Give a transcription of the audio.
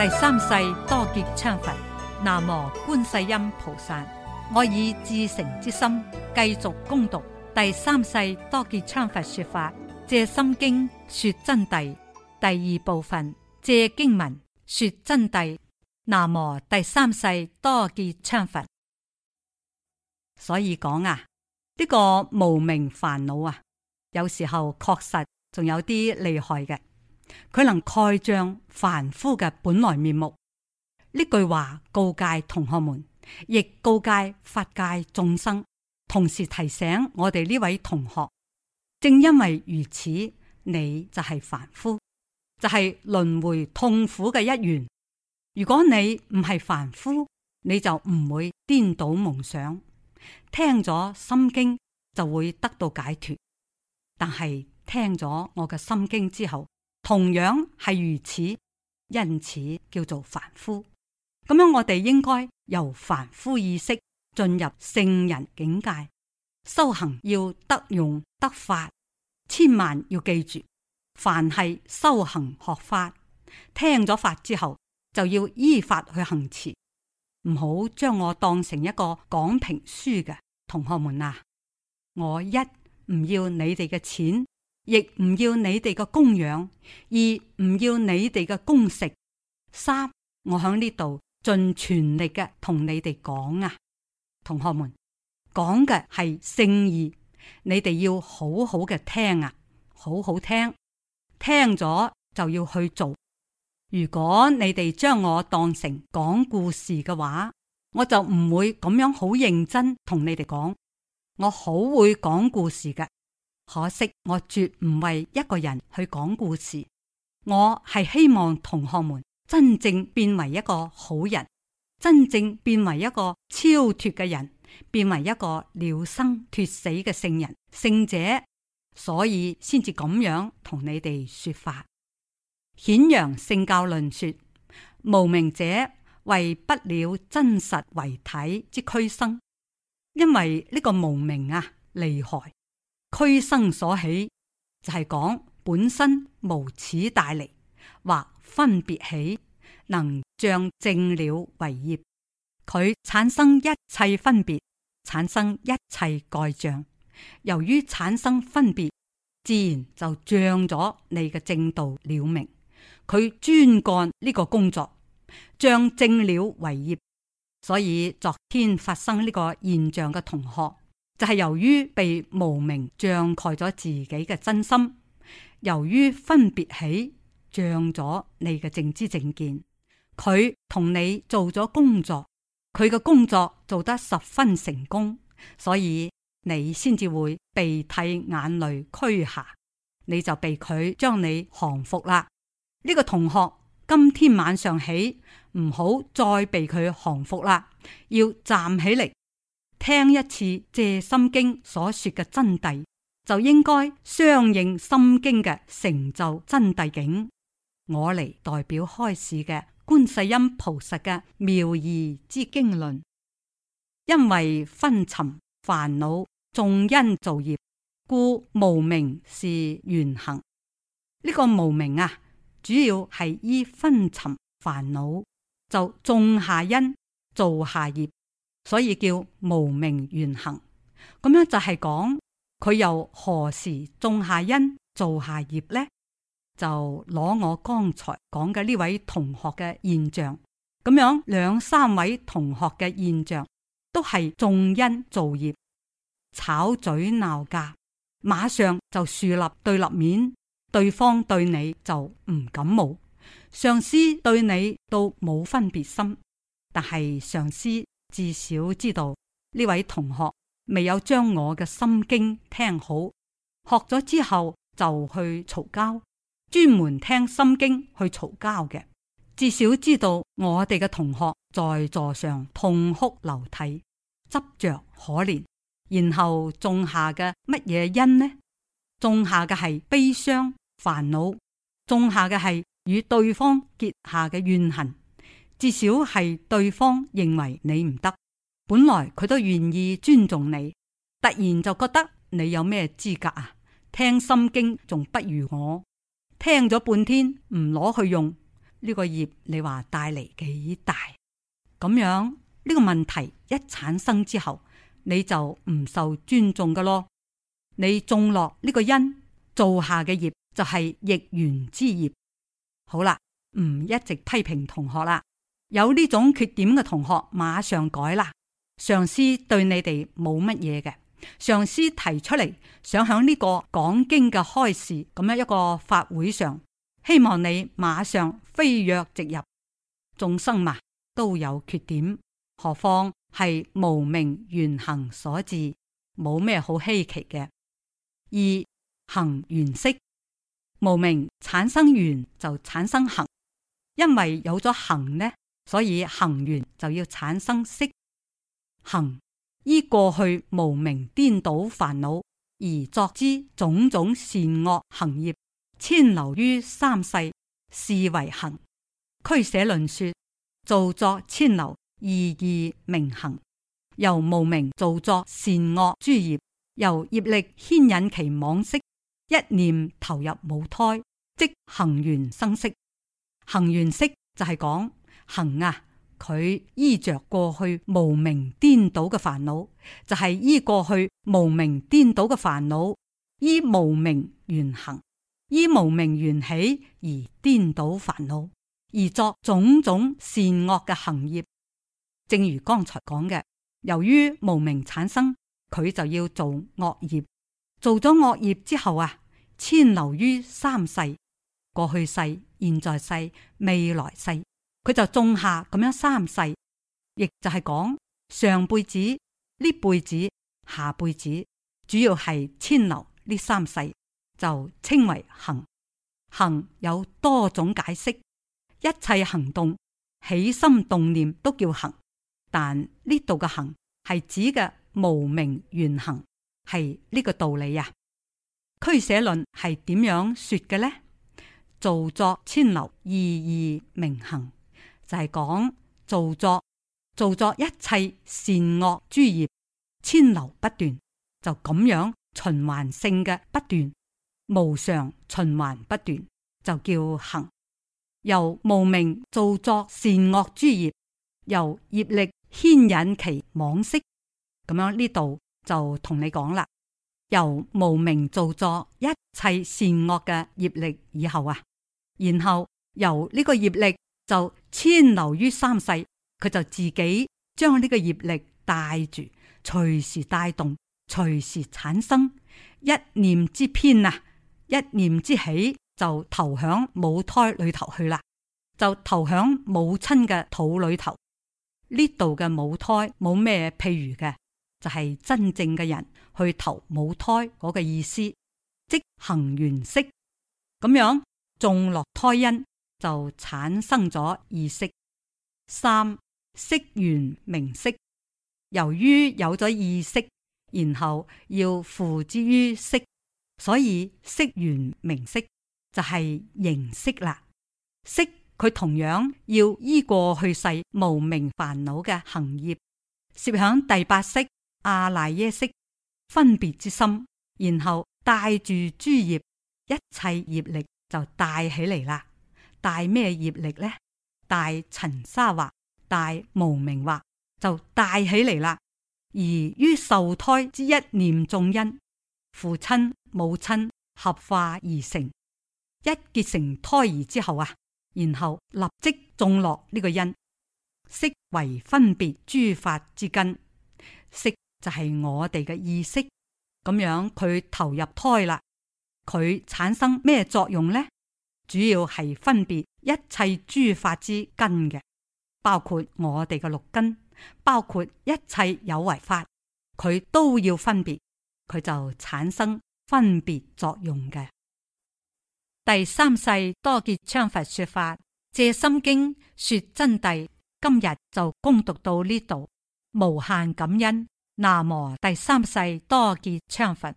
第三世多杰羌佛，南無觀世音菩薩。我以至誠之心繼續攻讀第三世多杰羌佛說法，借心經說真諦第二部分，借經文說真諦。南無第三世多杰羌佛。所以講啊，呢、這個無名煩惱啊，有時候確實仲有啲厲害嘅。佢能蓋障凡夫嘅本來面目，呢句話告誡同學們，亦告誡法界眾生，同時提醒我哋呢位同學。正因為如此，你就係凡夫，就係輪迴痛苦嘅一員。如果你唔係凡夫，你就唔會顛倒夢想，聽咗心經就會得到解脫。但係聽咗我嘅心經之後。同樣係如此，因此叫做凡夫。咁樣我哋應該由凡夫意識進入聖人境界，修行要得用得法，千萬要記住，凡係修行學法，聽咗法之後就要依法去行持，唔好將我當成一個講評書嘅同學們啊！我一唔要你哋嘅錢。亦唔要你哋嘅供養，二唔要你哋嘅供食，三我喺呢度盡全力嘅同你哋講啊，同學們，講嘅係聖意，你哋要好好嘅聽啊，好好聽，聽咗就要去做。如果你哋將我當成講故事嘅話，我就唔會咁樣好認真同你哋講。我好會講故事嘅。可惜我絕唔為一個人去講故事，我係希望同學們真正變為一個好人，真正變為一個超脱嘅人，變為一個了生脱死嘅聖人、聖者，所以先至咁樣同你哋說法。顯揚聖教論說，無明者為不了真實義體之驅生，因為呢個無明啊厲害。俱生所起就係、是、講本身無始大力或分別起，能障正了為業，佢產生一切分別，產生一切蓋障。由於產生分別，自然就障咗你嘅正道了明。佢專幹呢個工作，障正了為業，所以昨天發生呢個現象嘅同學。就係由於被無明障蓋咗自己嘅真心，由於分別起障咗你嘅正知正見，佢同你做咗工作，佢嘅工作做得十分成功，所以你先至會鼻涕眼淚屈下，你就被佢將你降服啦。呢、這個同學，今天晚上起唔好再被佢降服啦，要站起嚟。聽一次《藉心經》所說嘅真諦，就應該相應《心經》嘅成就真諦境。我嚟，代表開始嘅觀世音菩薩嘅妙義之經論，因為分塵煩惱種因造業，故無明是緣行。呢、這個無明啊，主要係依分塵煩惱就種下因，造下業。所以叫無明緣行，咁樣就係講佢又何時種下因造下業呢？就攞我剛才講嘅呢位同學嘅現象，咁樣兩三位同學嘅現象都係種因造業，吵嘴鬧架，馬上就樹立對立面，對方對你就唔感冒，上司對你都冇分別心，但係上司。至少知道呢位同學未有將我嘅心經聽好，學咗之後就去嘈交，專門聽心經去嘈交嘅。至少知道我哋嘅同學在座上痛哭流涕，執着可憐，然後種下嘅乜嘢因呢？種下嘅係悲傷煩惱，種下嘅係與對方結下嘅怨恨。至少係對方認為你唔得，本來佢都願意尊重你，突然就覺得你有咩資格啊？聽心經仲不如我，聽咗半天唔攞去用呢、這個業你，你話帶嚟幾大咁樣？呢、這個問題一產生之後，你就唔受尊重㗎咯。你種落呢個因做下嘅業就係逆緣之業。好啦，唔一直批評同學啦。有呢種缺點嘅同學，馬上改啦！上司對你哋冇乜嘢嘅，上司提出嚟想喺呢個講經嘅開示咁樣一個法會上，希望你馬上飛躍直入眾生嘛、啊，都有缺點，何況係無明緣行所致，冇咩好稀奇嘅。二行緣識，無明產生緣就產生行，因為有咗行呢。所以行緣就要產生識，行，依過去無明顛倒煩惱而作之種種善惡行業，遷流於三世，是為行。俱舍論說造作遷流，意義名行，由無明造作善惡諸業，由業力牽引其妄識，一念投入母胎，即行緣生識。行緣識就係講。行啊！佢依着過去無明顛倒嘅煩惱，就係、是、依過去無明顛倒嘅煩惱，依無明緣行，依無明緣起而顛倒煩惱，而作種種善惡嘅行業。正如剛才講嘅，由於無明產生，佢就要做惡業。做咗惡業之後啊，遷流於三世：過去世、現在世、未來世。佢就種下咁樣三世，亦就係講上輩子、呢輩子、下輩子，主要係遷流呢三世就稱為行。行有多種解釋，一切行動、起心動念都叫行，但呢度嘅行係指嘅無明緣行，係呢個道理呀，俱舍論係點樣說嘅呢？造作遷流，意義名行。就係講造作，造作一切善惡諸業，遷流不斷，就咁樣循環性嘅不斷，無常循環不斷，就叫行。由無明造作善惡諸業，由業力牽引其往昔。咁樣呢度就同你講啦。由無明造作一切善惡嘅業力以後啊，然後由呢個業力。就遷流於三世，佢就自己將呢個業力帶住，隨時帶動，隨時產生一念之偏啊，一念之起就投響母胎裏頭去啦，就投響母,母親嘅肚裏頭。呢度嘅母胎冇咩譬如嘅，就係、是、真正嘅人去投母胎嗰個意思，即行緣識。咁樣種落胎因。就產生咗意識。三識緣名色。由於有咗意識，然後要付之於色，所以識緣名色就係形色啦。識佢同樣要依過去世無明煩惱嘅行業，攝響第八識阿賴耶識，分別之心，然後帶住諸業，一切業力就帶起嚟啦。大咩業力呢？大塵沙惑，大無名惑，就大起嚟啦。而於受胎之一念種因，父親母親合化而成，一結成胎兒之後啊，然後立即種落呢個因，色為分別諸法之根，色就係我哋嘅意識，咁樣佢投入胎啦，佢產生咩作用呢？主要係分別一切諸法之根嘅，包括我哋嘅六根，包括一切有為法，佢都要分別，佢就產生分別作用嘅。第三世多杰羌佛說法，藉心經說真諦。今日就恭讀到呢度，無限感恩。那麼第三世多杰羌佛。